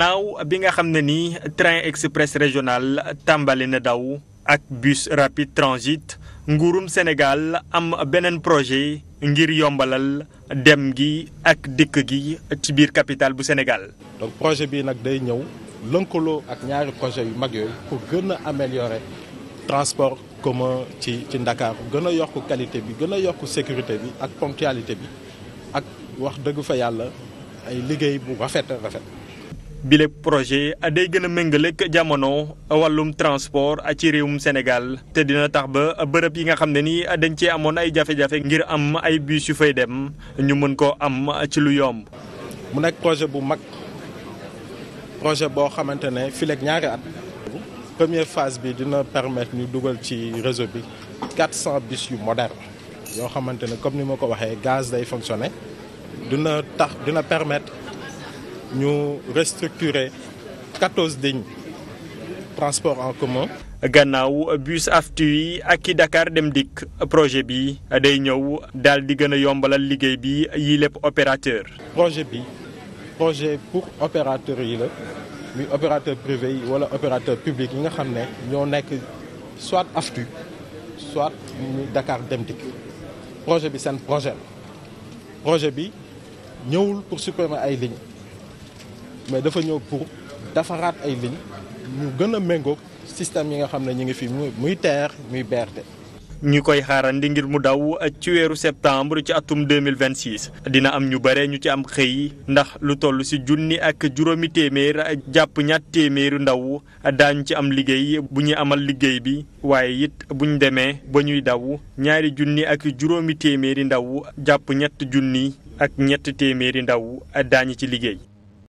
gannaaw bi nga xam ne ni train express régional tàmbali na daw ak bus rapide transit nguurum Sénégal am beneen projet ngir yombalal dem gi ak dikk gi ci biir capitale bu Sénégal. donc projet bii nag day ñëw lëkkaloo ak ñaari projet yu mag yooyu pour gën a améliorer transport commun ci ci Ndakaar gën a yokk qualité bi gën a yokk sécurité bi ak ponctialité bi ak wax dëgg fa yàlla ay liggéey bu rafet rafet. bile projet day gën a méngaleeg jamono wàllum transport ci réewum Sénégal te dina tax ba bërëb yi nga xam ne nii dañ cee amoon ay jafe-jafe ngir am ay bis yu fay dem ñu mën koo am a ci lu yomb. mu nekk projet bu mag projet boo xamante ne fileeg ñaari at. première phase bi dina permettre ñu dugal ci réseau bi 400 bus yu moderne yoo xamante ne comme ni ma ko waxee gaz day fonctionner dina tax dina permettre. ñu restructurer quatorze lignes transport en commun. gannaaw bus aftu yi ak i dakaar dem dikk projet bi day ñëw daal di gën a yombalal liggéey bi yi lépp opérateur. projet bi projet pour opérateur yi la muy opérateur privé yi wala opérateur public yi nga xam ne ñoo nekk soit aftu soit muy Dakar dem dikk projet bi seen projet projet bi ñëwul pour supprimer ay lignes. mais dafa ñëw pour defaraat ay lignes ñu gën a méngoog système yi nga xam ne ñu ngi fi muy TER muy BRT. ñu koy xaarandi ngir mu daw ak ci weeru septembre ci atum 2026 dina am ñu bare ñu ci am xëy ndax lu toll si junni ak juróomi téeméer jàpp ñaat téeméeru ndaw daañu ci am liggéey bu ñu amal liggéey bi waaye it bu ñu demee ba ñuy daw ñaari junni ak juróomi téeméeri ndaw jàpp ñett junni ak ñett téeméeri ndaw ak daañu ci liggéey